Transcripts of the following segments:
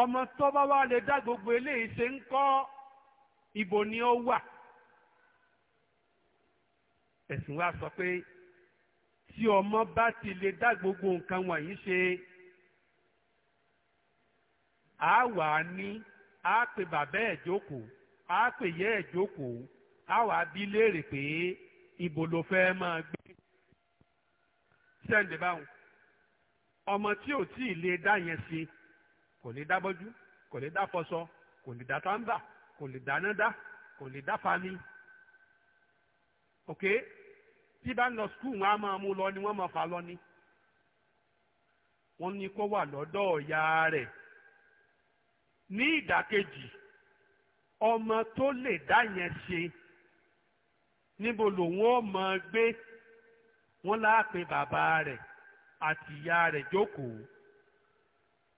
ọmọ tó bá wá lè dá gbogbo eléyìí ṣe ń kọ́ ibo ni ó wà ẹ̀sìn wa sọ pé tí ọmọ bá ti lè dá gbogbo nǹkan wọ̀nyí ṣe á wà á ní á pè bàbá ẹ̀ jókòó á pè yẹ́ ẹ̀ jókòó á wà á bí léèrè pé ibo ló fẹ́ máa gbé sẹ́ǹdẹ̀ báwọn ọmọ tí ò tí lè dá yẹn sí. Si kò lè dá bọ́jú kò lè dá fọṣọ kò lè dá tàǹbà kò lè dáná dá kò lè dá fani ok tí bá ń lọ skul wọn á máa mú lọ ni wọn máa fà lọ ni wọn ní kó wà lọ́dọ̀ ọ̀yà rẹ̀ ní ìdàkejì ọmọ tó lè dá yẹn ṣe níbo lòun ó mọ gbé wọn láàpẹ bàbá rẹ̀ àti ìyá jókòó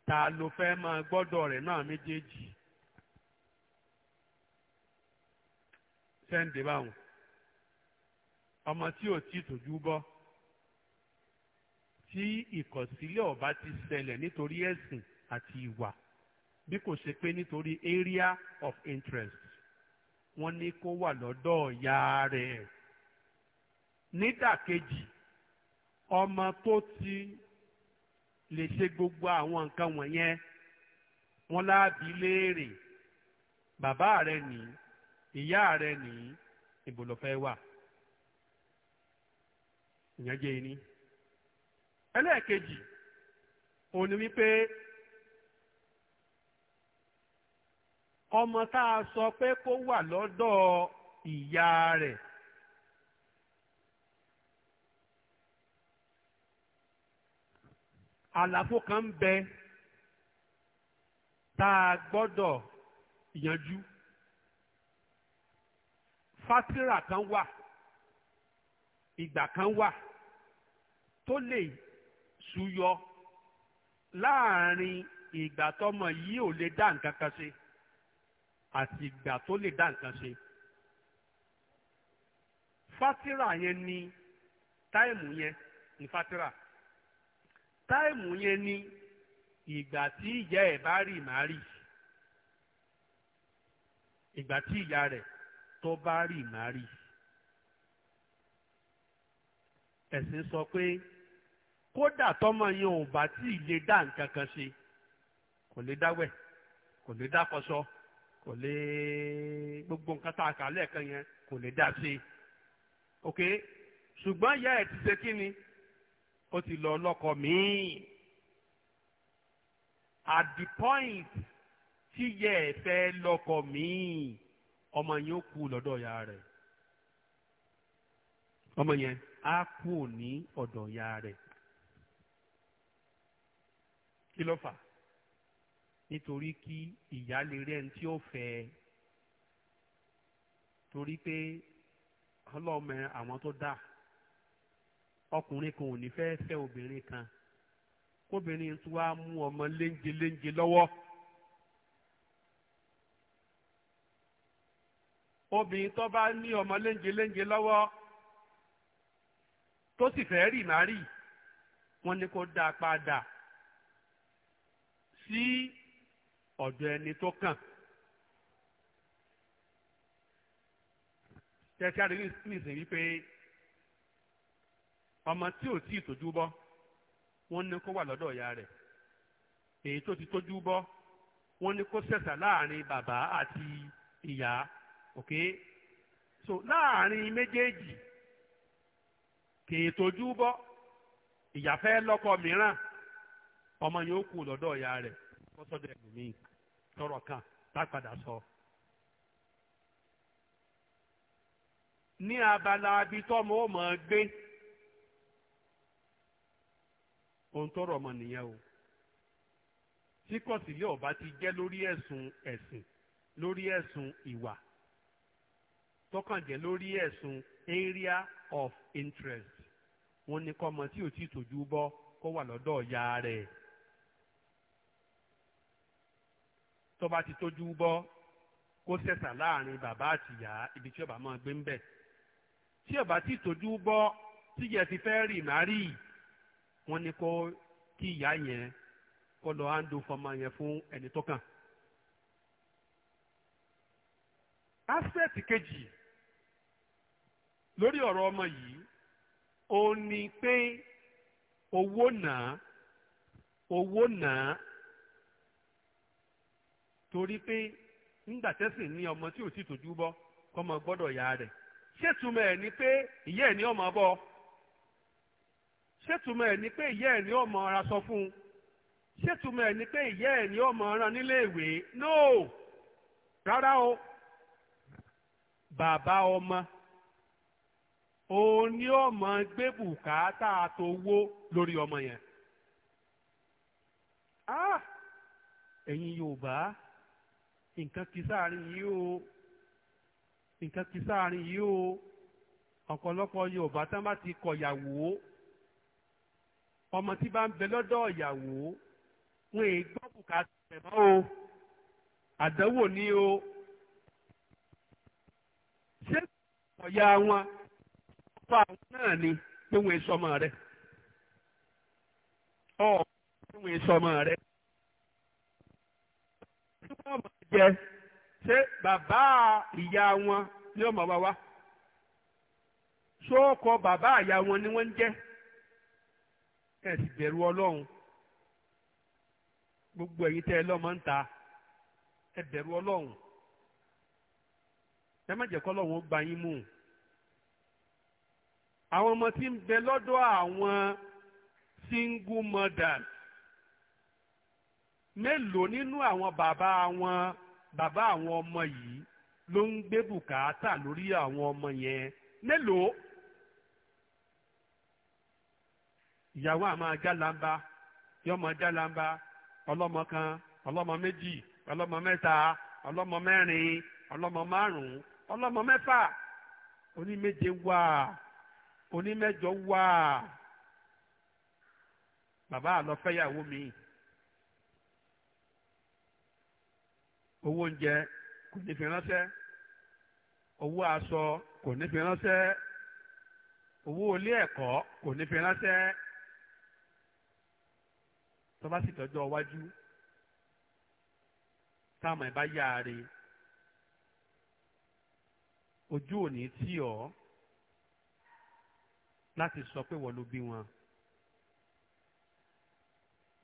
ta ló fẹ́ máa gbọ́dọ̀ rẹ̀ náà méjèèjì sẹ́ǹdé báwọn ọmọ tí ò tí tójú bọ́ tí ìkọ̀sílẹ̀ ọba ti ṣẹlẹ̀ nítorí ẹ̀sìn àti ìwà bí kò ṣe pé nítorí area of interest wọ́n ní kó wà lọ́dọ̀ ìyá rẹ̀ nídàkejì ọmọ tó ti lè ṣe gbogbo àwọn nǹkan wọ̀nyẹn wọ́n láàbí léèrè bàbá rẹ nì ìyá rẹ nì ibo ló fẹ́ wà ìyẹn jẹ́ iní. ẹlẹ́ẹ̀kejì òun ni wípé ọmọ tá a sọ pé kó wà lọ́dọ̀ ìyá rẹ̀ àlàfo kan ń bẹ tá a gbọ́dọ̀ yanjú fásírà kan wà ìgbà kan wà tó lè ṣúyọ láàrin ìgbà tọmọ yìí ò lè dá nǹkan kan ṣe àti ìgbà tó lè dá nǹkan ṣe fásírà yẹn ni táìmù yẹn ni fásírà táìmù yẹn ni ìgbà tí ìyá ẹ̀ bá rì má rì ìgbà tí ìyá rẹ̀ tó bá rì má rì ẹ̀sìn sọ pé kódà tọ́mọ yẹn ò bá tí ì lè dá nǹkan kan ṣe kò lè dáwẹ̀ kò lè dákọṣọ kò lè gbogbo nǹkan tá a kà lẹ́ẹ̀kan yẹn kò lè dá sí ok ṣùgbọ́n ìyá ẹ̀ ti ṣe kí ni ó ti lọ lọ́kọ míì at the point tí yẹ ẹ fẹ́ lọ́kọ míì ọmọ yẹn ó kú lọ́dọ̀ ìyá rẹ̀ ọmọ yẹn á kú ní ọ̀dọ̀ ìyá rẹ̀ kí ló fà nítorí kí ìyá lè tí ó fẹ́ torí pé ọlọ́mọ àwọn tó dáa ọkùnrin kan ò ní fẹ́ fẹ́ obìnrin kan kóbìnrin tó wá mú ọmọ léńje léńje lọ́wọ́ obìnrin tó bá ní ọmọ léńje léńje lọ́wọ́ tó sì fẹ́ rì má rì wọ́n ní kó dá a padà sí ọ̀dọ̀ ẹni tó kàn. tẹ́tí àdéhùn sì ń sìn ọmọ tí ò tí ì tójú bọ́ wọ́n ní kó wà lọ́dọ̀ ìyá rẹ̀ èyí tó ti tójú bọ́ wọ́n ní kó ṣẹ̀ṣà láàrin bàbá àti ìyá ok so láàrin méjèèjì kèé tójú bọ́ ìyá fẹ́ lọ́kọ mìíràn ọmọ yẹn ó kú lọ́dọ̀ ìyá rẹ̀ kọ́sọ́dọ̀ ẹlòmíì tọrọ kan lápadà sọ. ní abala abitọ́mọ́ ó mọ̀ ọ́ gbé. ohun tọrọ ọmọ nìyẹn o tí kọ̀sílẹ̀ ọba ti jẹ́ lórí ẹ̀sùn ẹ̀sìn lórí ẹ̀sùn ìwà tọkànjẹ́ lórí ẹ̀sùn area of interest wọ́n ní kọ́mọ tí ò tí ì tójú bọ́ kó wà lọ́dọ̀ ìyá rẹ̀ tọ́ba ti tójú bọ́ kó sẹ̀sà láàrin bàbá àtìyá ibi tí ọba máa gbé ń bẹ̀ tí ọba ti tójú bọ́ tíyẹ ti fẹ́ rì má rí yìí wọ́n ní kó kí ìyá yẹn kó lọ áńdó fọmọ yẹn fún ẹni tó kàn. aspect kejì lórí ọ̀rọ̀ ọmọ yìí ó ní pé owó náà owó náà torí pé nígbà tẹ́sìn ní ọmọ tí ò sì tójú bọ́ kọ́mọ gbọ́dọ̀ ya rẹ̀ ṣètumọ̀ ẹ̀ ni pé ìyá ẹ̀ ní ọmọ bọ́ ọ. ṣètùmọ̀ ẹ̀ ni pé ìyá ẹ̀ ní ọmọ ara sọ fún un ṣètùmọ̀ ẹ̀ ni pé ìyá ẹ̀ ní ọmọ ara nílé ìwé no rárá o bàbá ọmọ òun ni ọmọ gbé bùkátà tó wó lórí ọmọ yẹn ah ẹ̀yin Yorùbá nǹkan kì í sáàrin yìí o nǹkan kì sáàrin yìí o ọ̀pọ̀lọpọ̀ Yorùbá tán bá ti kọ̀yàwó ọmọ tí bá ń bẹ lọ́dọ̀ ìyàwó wọn èé gbọ́ bùkátà rẹ̀ mọ́ o àdánwò ni o ṣé ọ̀yà wọn ọkọ àwọn náà ni pé wọn èso ọmọ rẹ ọ pé wọn èso ọmọ rẹ tí wọn mọ jẹ ṣé bàbá ìyá wọn ni ọmọ wa wá ṣó bàbá ìyá wọn ni wọn ń jẹ ẹ sì bẹ̀rù ọlọ́run gbogbo ẹ̀yin tẹ́ ẹ lọ́mọ ń ta ẹ bẹ̀rù ọlọ́run ẹ má jẹ́ kọ́lọ́run ó gba yín mú àwọn ọmọ tí ń bẹ lọ́dọ̀ àwọn single mothers mélòó nínú àwọn bàbá wọn bàbá àwọn ọmọ yìí ló ń gbé bùkátà lórí àwọn ọmọ yẹn mélòó. ìyàwó àmọ́ jálàmbá yọmọ jálàmbá ọlọ́mọ kan ọlọ́mọ méjì ọlọ́mọ mẹ́ta ọlọ́mọ mẹ́rin ọlọ́mọ márùn-ún ọlọ́mọ mẹ́fà oníméje wà onímẹ́jọ wà bàbá àlọ́fẹ́yàwó mi owó oúnjẹ kò ní fi ránṣẹ́ owó aṣọ kò ní fi ránṣẹ́ owó ilé ẹ̀kọ́ kò ní fi ránṣẹ́ tó bá sì tọ́jọ́ iwájú táwọn ẹ̀ bá yáre ojú òní tì ọ́ láti sọ pé wọ́n ló bí wọn.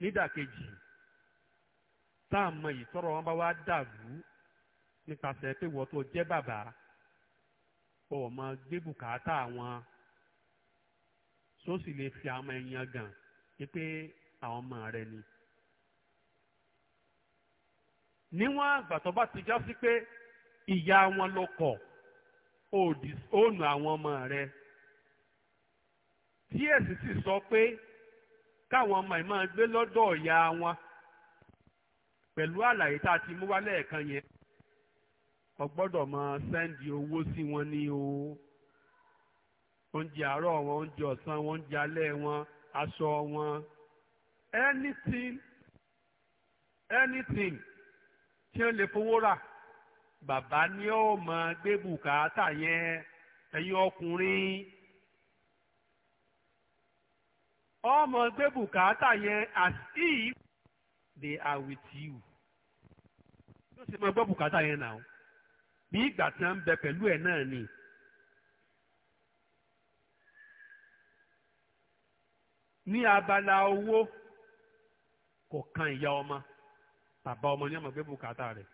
nídàkejì táwọn yìí tọrọ wọn bá wá dàrú nípasẹ̀ pé wọ́n tó jẹ́ bàbá ọ̀ mọ gbé bùkátà wọn sósì lè fi àwọn ẹ̀yàn gàn pé àwọn ọmọ rẹ ni níwọ̀n àgbà tó bá ti já pé ìyá wọn ló kọ̀ òònù àwọn ọmọ rẹ tí sì sọ pé káwọn ọmọ máa gbé lọ́dọ̀ ìyá wọn pẹ̀lú àlàyé tá a ti mú wálẹ̀ yẹn o máa sẹ́ndì owó sí wọn ní o oúnjẹ àárọ̀ wọn oúnjẹ ọ̀sán oúnjẹ alẹ́ wọn aṣọ wọn anything anything tí ó lè fowó rà bàbá ni ó mọ gbé bùkátà yẹn ẹ̀yin ọkùnrin ọmọ gbé bùkátà yẹn as if they are with you yóò ṣe máa gbọ́ bùkátà yẹn náà bí ìgbà tí wọ́n ń bẹ pẹ̀lú ẹ̀ náà ni. ní abala owó. kò kan ìyá ọmọ bàbá ọmọ ní ọmọ gbé bùkátà rẹ̀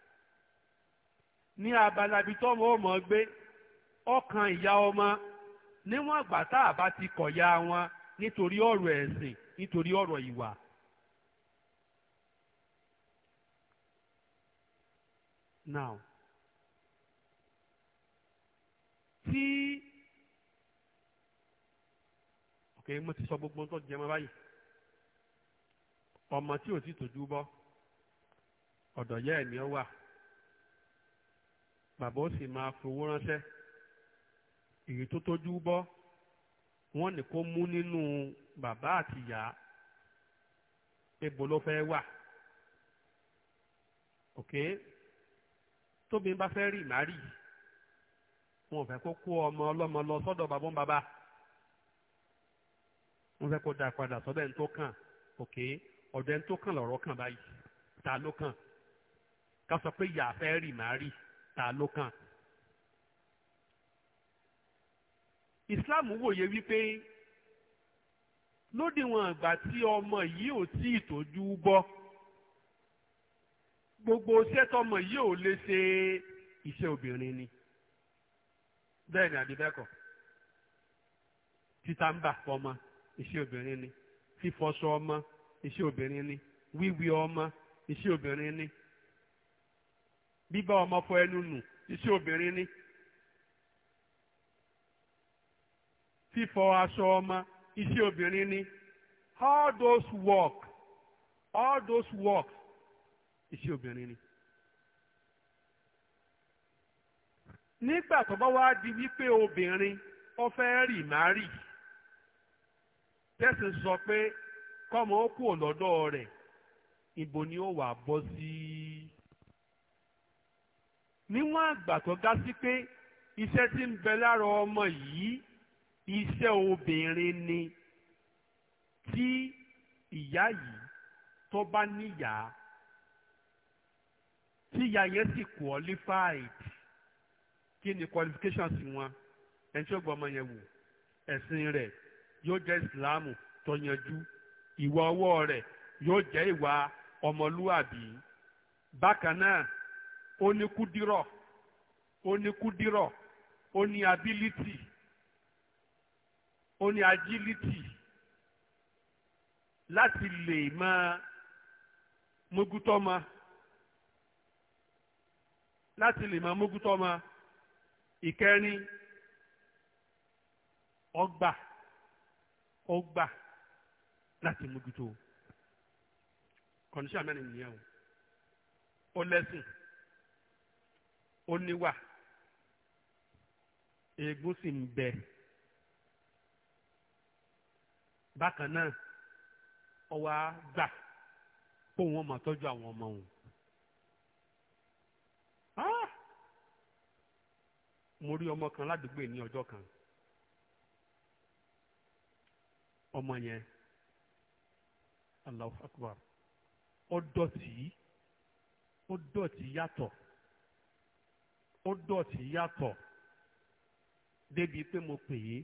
ní abala ibi tọ́mọ ò mọ̀ gbé ọkàn ìyá ọmọ níwọn àgbà tá a bá ti kọ̀yà wọn nítorí ọ̀rọ̀ ẹsìn nítorí ọ̀rọ̀ ìwà. now tí ok mo ti sọ gbogbo ohun tó jẹ báyìí. ọmọ tí ò sì tójú bọ́ ọ̀dọ̀ yẹ́ ẹ̀ ni ó wà bàbá ó sì máa fowó ránṣẹ́ èyí tó tójú bọ́ wọ́n ní kó mú nínú bàbá àtìyá ebo ló fẹ́ wà òkè tóbi bá fẹ́ rì márì wọn ò kó kó ọmọ ọlọ́mọ lọ sọ́dọ̀ bàbá ń bàbá wọn fẹ́ kó dá padà sọ́dọ̀ ẹni tó kàn òkè. Okay? ọ̀dọ̀ ẹni tó kàn lọ́rọ̀ kàn báyìí ta ló kàn ká sọ pé ìyá fẹ́ rì má rì ta ló kàn. ìsìláàmù wòye wípé lódiwọ̀n àgbà tí ọmọ yìí ò tí ì tójú bọ́ gbogbo iṣẹ́ tọmọ yìí ò lè ṣe iṣẹ́ obìnrin ni bẹ́ẹ̀ ni àdìbẹ́kọ̀ títà ń bà fọmọ iṣẹ́ obìnrin ni fífọṣọ ọmọ iṣẹ́ obìnrin ni wíwí ọmọ iṣẹ́ obìnrin ni bíbá ọmọ fọ ẹnu nù iṣẹ́ obìnrin ni fífọ aṣọ ọmọ iṣẹ́ obìnrin ni all those work all those work iṣẹ́ obìnrin ni. nígbà tó bá wá di wípé obìnrin ó fẹ́ rì má rì tẹ́sí sọ pé kọ́mọ ó kúrò lọ́dọ̀ rẹ̀ ibo ni ó wà bọ́ sí. níwọ̀n àgbà tó ga sí pé iṣẹ́ tí ń bẹ lára ọmọ yìí iṣẹ́ obìnrin ni tí ìyá yìí tó bá níyà tí ìyá yẹn sì qualified kí ni qualifications wọn ẹni tí ó gbọ́ ọmọ yẹn wò ẹ̀sìn rẹ̀ yóò jẹ́ ìsìláàmù tó yanjú ìwà ọwọ́ rẹ̀ yóò jẹ́ ìwà ọmọlúwàbí bákan náà ó ní kúdírọ̀ ó ní kúdírọ̀ ó ní ability ó ní agility láti lè máa mógútọ́mọ láti lè máa mógútọ́mọ ìkẹrin ọgbà ọgbà láti mójútó kọ̀ǹdíṣà mẹ́rin nìyẹn o ó lẹ́sìn ó níwà eégún sì ń bẹ bákan náà ó wá gbà kó wọn máa tọ́jú àwọn ọmọ òun. Ah! mo rí ọmọ kan ládùúgbò ní ọjọ́ kan ọmọ yẹn Allahu Akbar ó dọ̀tí ó dọ̀tí yàtọ̀ ó dọ̀tí yàtọ̀ débi pé mo pè é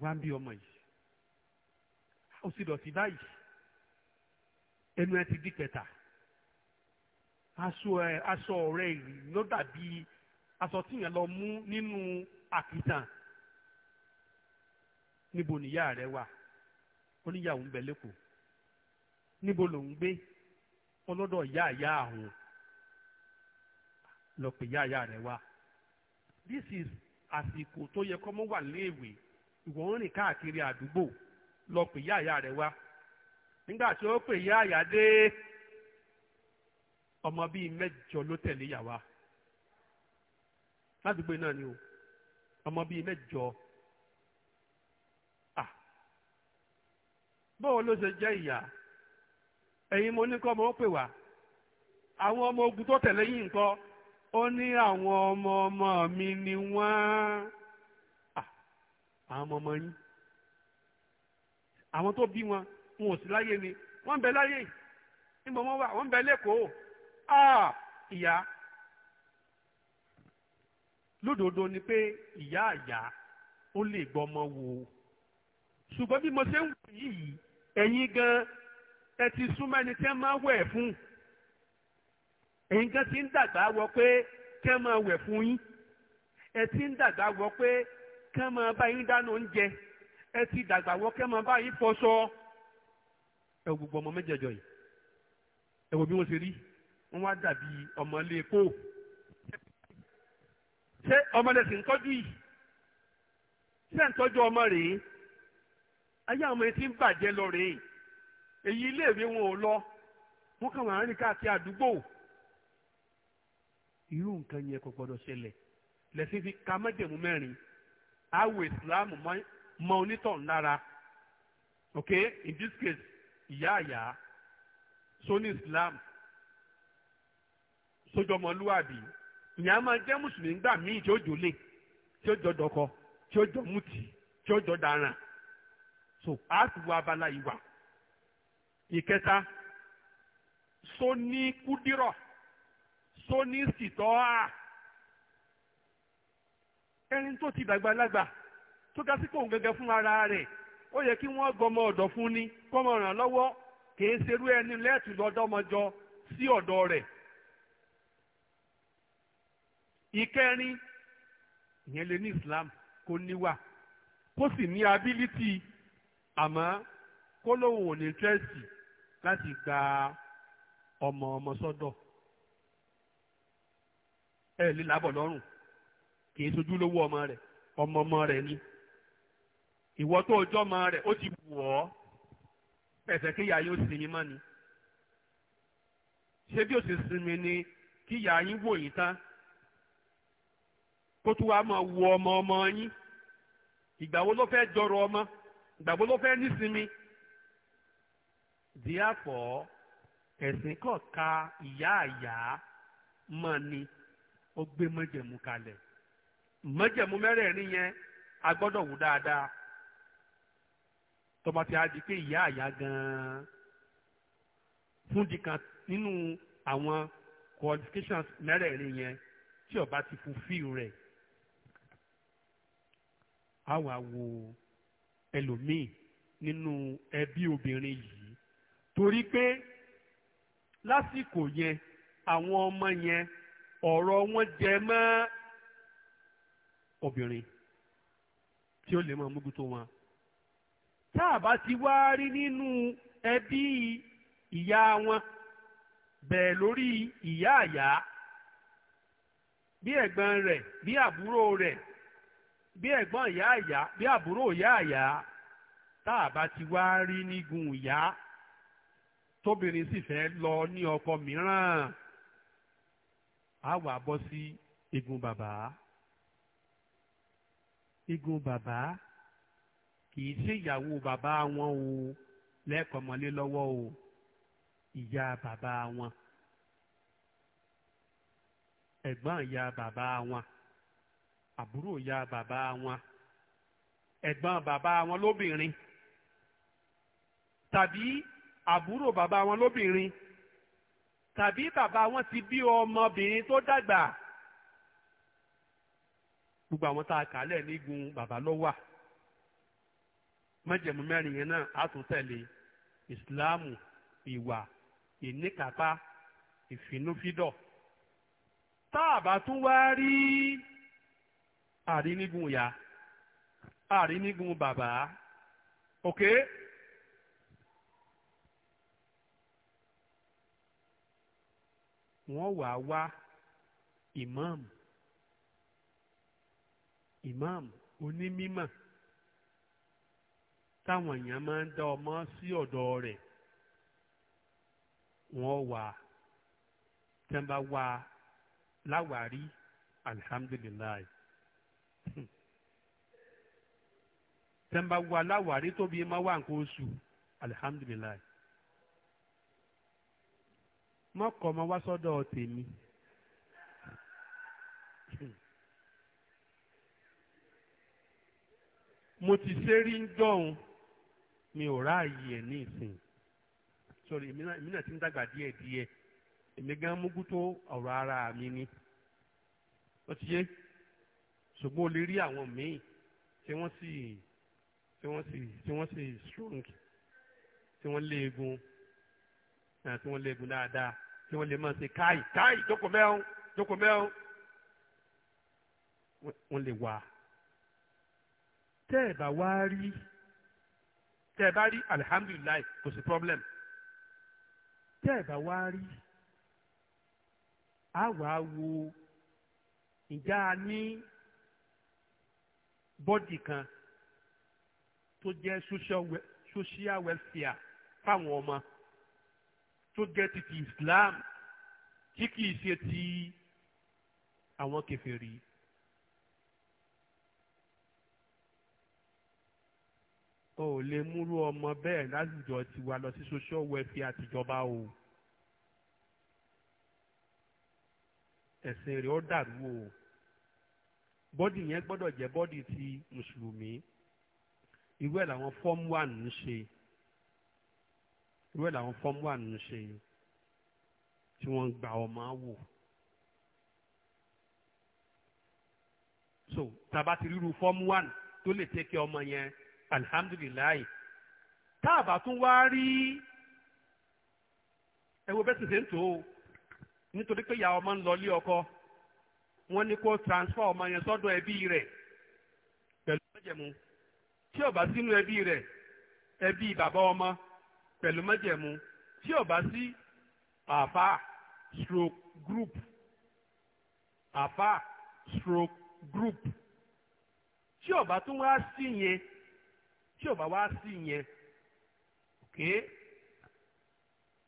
wá ń bí ọmọ yìí ó sì dọ̀tí báyìí ẹnu ẹ ti di kẹta aṣọ ẹ aṣọ ọ̀rẹ́ yìí ló dàbí aṣọ tíyẹn lọ mú nínú àkìtàn níbo nìyá rẹ wà ó níyàwó ń bẹ lẹ́kọ̀ọ́ níbo ló ń gbé ọlọ́dọ̀ yáàyá àwọn lọ pè yáàyá rẹ wá this is àsìkò tó yẹ kọ́mọ́ wà léèwé ìwọ ń rìn káàkiri àdúgbò lọ pè yáàyá rẹ wá nígbà tí ó pè yáàyá dé ọmọ bíi mẹ́jọ ló tẹ̀lé yàwá ládùúgbò náà ni o ọmọ bíi mẹ́jọ bóun ló ṣe jẹ́ ìyá ẹ̀yin mo ní kọ́ mo ń pè wá àwọn ọmọ ogun tó tẹ̀lé yìí nǹkan ó ní àwọn ọmọ ọmọ mi ni wọ́n àwọn ọmọ ọmọ yín àwọn tó bí wọn wọn ò sí láyé ni wọ́n bẹ láyé níbo wọ́n wà wọ́n bẹ lẹ́kọ̀ọ́ ìyá lódodo ni pé ìyá àyà ó lè gbọ́ ọmọ wò ṣùgbọ́n bí mo ṣe ń wò yìí ẹ̀yin gan ẹ ti súnmọ́ ẹni tẹ́ máa wẹ̀ fún ẹ̀yin gan ti ń dàgbà wọ pé kẹ́ máa wẹ̀ fún yín ẹ ti ń dàgbà wọ pé kẹ́ máa bá yín dáná oúnjẹ ẹ ti dàgbà wọ kẹ́ máa bá yín fọṣọ ẹ gbogbo ọmọ mẹ́jẹ̀ẹ̀jọ yìí ẹ wo bí wọ́n ṣe rí wọ́n wá dàbí ọmọ ilé epo ṣé ọmọ lẹsìn ń tọ́jú yìí ṣé ń tọ́jú ọmọ rèé. ayé àwọn etí ń bàjẹ́ lọ rèé èyí iléèwé wọn ò lọ wọn kàn wọ́n rìn káàkiri àdúgbò irú nǹkan yẹn kò gbọdọ̀ ṣẹlẹ̀ lẹ́sìn fi ka mẹ́jẹ̀mú awo mọ lára ok in this case ìyá àyà sóní islam sójọmọlúwàbí ìyá máa jẹ́ mùsùlùmí gbà míì tí ó jòlè tí ó jọ dọkọ tí ó jọ tí ó jọ so a abala iwa iketa so ni kúdírọ̀ so ni sìtọ́ a. ẹni tó ti dàgbà lágbà tó ga sí kò ń fún ara rẹ̀ ó yẹ kí wọ́n gbọmọ ọ̀dọ̀ fún ni kọ́mọ ràn lọ́wọ́ kìí ṣerú ẹni lẹ́ẹ̀tù lọ́dọ́mọjọ sí ọdọ rẹ̀ ìkẹrin ìyẹn lè ní Islam kó níwà kó sì ní ability àmọ́ kó lóun ò ní tírẹ́sì láti gba ọmọ ọmọ sọ́dọ̀ ẹ lè lábọ̀ lọ́rùn kì í sojú lówó ọmọ rẹ̀ ọmọ ọmọ rẹ̀ ni ìwọ tó o jọ́ ọmọ rẹ̀ ó ti wù ọ́ ẹ̀fẹ̀ kíyà yóò sinmi mọ́ ni ṣé bí ó ṣe sinmi ni kíyà yín wò yín tán kó tó wàá máa wo ọmọ ọmọ yín ìgbà wo ló fẹ́ jọrọ ọmọ ìgbàgbọ́ ló fẹ́ nísinmi díàpọ̀ ẹ̀sìn kọ̀ọ̀ka ìyá àyà mọ́ ni ó gbé mọ́jẹ̀mú kalẹ̀ mọ́jẹ̀mú mẹ́rẹ̀ẹ̀rin yẹn a gbọ́dọ̀ wù dáadáa tọba ti a di pé ìyá àyà gan-an fún dìkan nínú àwọn qualifications mẹ́rẹ̀ẹ̀rin yẹn tí ó bá ti fulfill rẹ̀ a wà wò ẹlòmíì nínú ẹbí obìnrin yìí torí pé lásìkò yẹn àwọn ọmọ yẹn ọ̀rọ̀ wọn jẹ mọ́ obìnrin tí ó lè máa mójútó wọn tá a bá ti wá rí nínú ẹbí ìyá wọn bẹ́ẹ̀ lórí ìyá àyà bí ẹ̀gbọ́n rẹ̀ bí àbúrò rẹ̀ bí ẹ̀gbọ́n ìyá ìyá bí àbúrò ìyá ìyá tá a bá ti wá rí nígun ìyá tóbìnrin sì fẹ́ lọ ní ọkọ mìíràn á wà bọ́ sí igun bàbá igun bàbá kì í ṣe ìyàwó bàbá wọn o lẹ́kọ̀ọ́mọlé lọ́wọ́ o ìyá bàbá wọn ẹ̀gbọ́n ìyá bàbá wọn àbúrò ya bàbá wọn ẹ̀gbọ́n bàbá wọn lóbìnrin tàbí àbúrò bàbá wọn lóbìnrin tàbí bàbá wọn ti bí ọmọbìnrin tó dàgbà gbogbo àwọn tá a kà lẹ̀ nígun bàbá ló wà májẹ̀mú mẹ́rin yẹn náà á tún tẹ̀lé ìsìláàmù ìwà ìníkàpá ìfinúfídọ̀ tá a bá tún wá rí àrí nígun ìyá àrí nígun bàbá ok. wọ́n wàá wá ìmáàmù ìmáàmù onímímọ̀ táwọn èèyàn máa ń dá ọmọ sí ọ̀dọ̀ rẹ̀ wọ́n wà tẹ́ ń bá wà láwàárí alihamdulilayi tẹ́ǹbà wo aláwárí tóbi máa wà nǹkan oṣù alihamdulilayi mọ́kọ́ ma wá sọ́dọ̀ tèmi. mo ti ṣe rí ń dọ̀hún mi ò ráàyè ẹ̀ ní ìsìn sọ̀rọ̀ èmi náà ti ń dàgbà díẹ̀ díẹ̀ èmi gan mú gútó ọ̀rọ̀ ara mi ni ó ti yé ṣùgbọ́n o lè rí àwọn míì tí wọ́n sì tí wọ́n sì tí wọ́n sì strong tí wọ́n lé egun tí wọ́n lé egun dáadáa tí wọ́n lè máa ṣe káì káì jókòó mẹ́rin jókòó mẹ́rin wọ́n lè wà. tẹ́ ẹ̀ bá wá rí tẹ́ ẹ bá rí alihamdulilayi kò sí problem tẹ́ ẹ bá wá rí a wàá wo ìjà ní bọ́dì kan tó jẹ́ social welfare fáwọn ọmọ tó jẹ́ ti Islam tí kìí ṣe ti àwọn kèfèrí. o ò lè múrú ọmọ bẹ́ẹ̀ láwùjọ tiwa lọ sí social welfare àtijọba o ẹ̀sìn rẹ̀ ó dàrú o bọ́dì yẹn gbọ́dọ̀ jẹ́ bọ́dì ti mùsùlùmí irú ẹ̀ làwọn form one ń ṣe irú ẹ̀ làwọn form one ń ṣe tí wọ́n ń gba ọmọ wò. so tàbá ti ríru form one tó lè tẹ́kẹ́ ọmọ yẹn alihamudulilayi tá a bá tún wá rí ẹ wo bẹ́sẹ̀ ṣe ń tó o nítorí pé ìyá ọmọ ń lọ ilé ọkọ wọ́n ní kó transfer ọmọ yẹn sọ́dọ̀ ẹbí rẹ̀ pẹ̀lú májẹ̀mú tí ó bá sínú ẹbí rẹ̀ ẹbí bàbá ọmọ pẹ̀lú májẹ̀mú tí ó sí àfà stroke group àfà stroke group tí ó bá tún wá sí yẹn tí ó bá wá sí yẹn òkè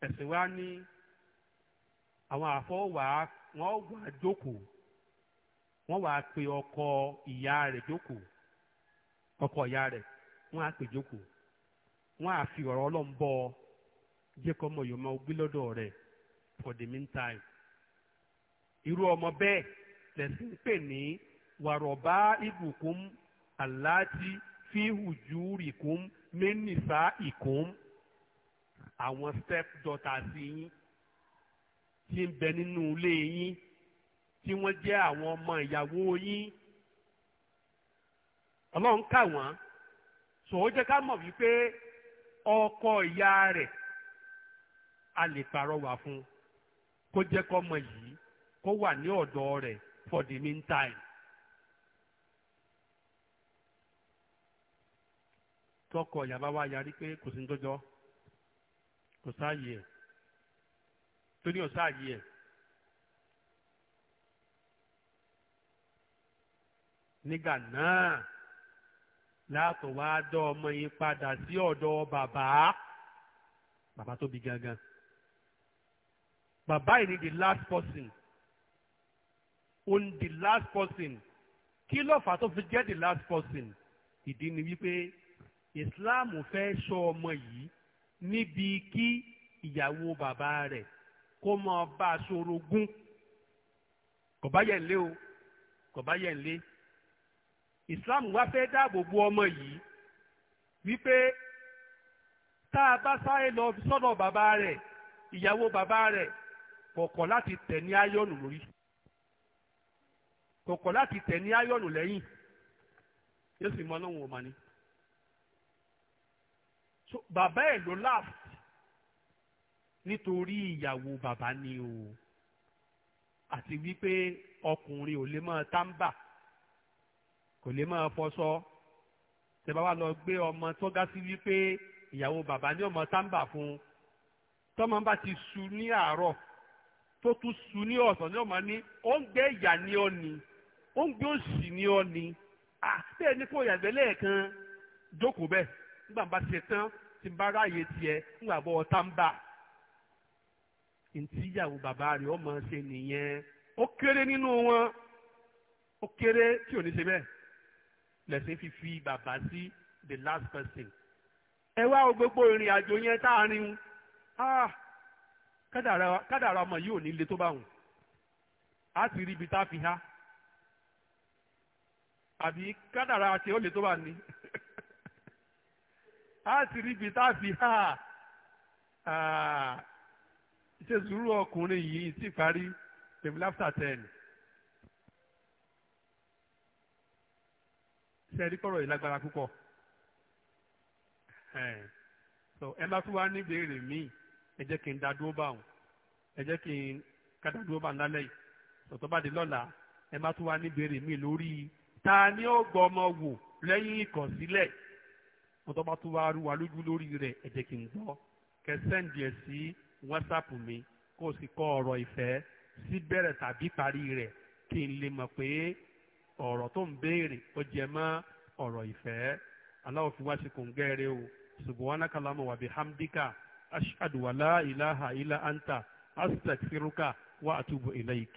ẹ̀sìn wa ní àwọn àfọwà wọn wà jókòó wọ́n wàá pe ọkọ ìyá rẹ̀ jókòó ọkọ ìyá rẹ̀ wọ́n á pè jókòó wọ́n á fi ọ̀rọ̀ ọlọ́run bọ́ ọmọ yòóma ogbé lọ́dọ̀ rẹ̀ for the meantime irú ọmọ bẹ́ẹ̀ lẹ́sìn pè ní wàrọ̀bá ibùkún aláàtì fíhùjúrìkún mẹ́nìfà ìkún àwọn step daughters yín tí ń bẹ nínú ilé yín. tí wọ́n jẹ́ àwọn ọmọ ìyàwó yín ọlọ́run kà wọ́n sòwò jẹ́ ká mọ̀ wípé ọkọ ìyá rẹ̀ a lè pàrọwà fún kó jẹ́ kọ́mọ yìí kó wà ní ọ̀dọ̀ rẹ̀ for the meantime. tọkọ ìyá bá wá yarí pé kò sí ní jọjọ kò sáàyè ẹ torí ò sáàyè ẹ nígbà náà látò wá dọ́ ọmọ yín padà sí ọ̀dọ̀ bàbá bàbá tó bí gangan bàbá yìí ni the last person òun the last person kí ló fà tó fi jẹ́ the last person ìdí ni wípé ìsìláàmù fẹ́ sọ ọmọ yìí níbi kí ìyàwó bàbá rẹ̀ kó máa bá a sorogún kò bá yẹ̀ lé o kò bá yẹ̀ ń lé. Islam wá fẹ́ dáàbò bo ọmọ yìí wípé tá a bá sáré lọ sọ́dọ̀ bàbá rẹ̀ ìyàwó bàbá rẹ̀ kọ̀kọ̀ láti tẹ̀ ní áyọ̀nù lórí kọ̀kọ̀ láti tẹ̀ ní áyọ̀nù lẹ́yìn yóò sì mọ ọlọ́run ọmọ ni so bàbá ẹ̀ ló láàfù nítorí ìyàwó bàbá ni o àti wípé ọkùnrin ò lè máa tá ń bà kò lè máa fọṣọ tẹ́ bá wá lọ gbé ọmọ tó ga sí wípé ìyàwó bàbá ní ọmọ táǹbà fún un tọ́mọ bá ti su ní àárọ̀ tó tún su ní ọ̀sán ní ọmọ ní ó ń gbé ìyà ní ọ ó ń gbé òsì ní ọ ni kò yàgbẹ́ lẹ́ẹ̀kan jókòó bẹ́ẹ̀ nígbà bá ṣe tán ti bá ráàyè tiẹ̀ nígbà bọ́ ọ ntí ìyàwó bàbá rẹ̀ ọmọ ṣe nìyẹn ó kéré nínú wọn ó kéré tí ò ní ṣe bẹ́ẹ̀ lẹ́sìn fífi bàbá sí the last person. ẹ wá o gbogbo ìrìn àjò yẹn tá a rin un ah, kádàrà ọmọ yìí ò ní le tó bá wùn á sì rí ibi tá a fi há àbí kádàrà àti ó le tó bá ní á sì rí ibi tá a fi há ah, ṣe sùúrù ọkùnrin yìí sì parí tèmi láfíà tẹ́ẹ̀nì. sẹ́ẹ̀rí kọ̀rọ̀ yìí lágbára púpọ̀ ẹ bá tún wá ní ìbéèrè míì ẹ jẹ́ kí n dá dúró bá wọn ẹ jẹ́ kí n kádà dúró bá lálẹ́ yìí sọ̀tọ́ bá di lọ́la ẹ má tún wá ní ìbéèrè míì lórí ta ni ó gbọ́ ọmọ wò lẹ́yìn ìkọ̀sílẹ̀ wọn bá tún wá rú wa lójú lórí rẹ̀ ẹ jẹ́ kí n gbọ́ kẹ sẹ́ǹdì ẹ̀ sí whatsapp mi kó o sì kọ ọ̀rọ̀ ìfẹ́ sí bẹ̀rẹ̀ tàbí parí rẹ̀ kí n lè mọ̀ pé ọ̀rọ̀ tó ń béèrè ó jẹ mọ́ ọ̀rọ̀ ìfẹ́ Allah fi wá sí kòǹgẹ́rẹ́ o subhanaka Allahumma wa bihamdika ashhadu wa la ilaha anta astaghfiruka wa atubu ilayk.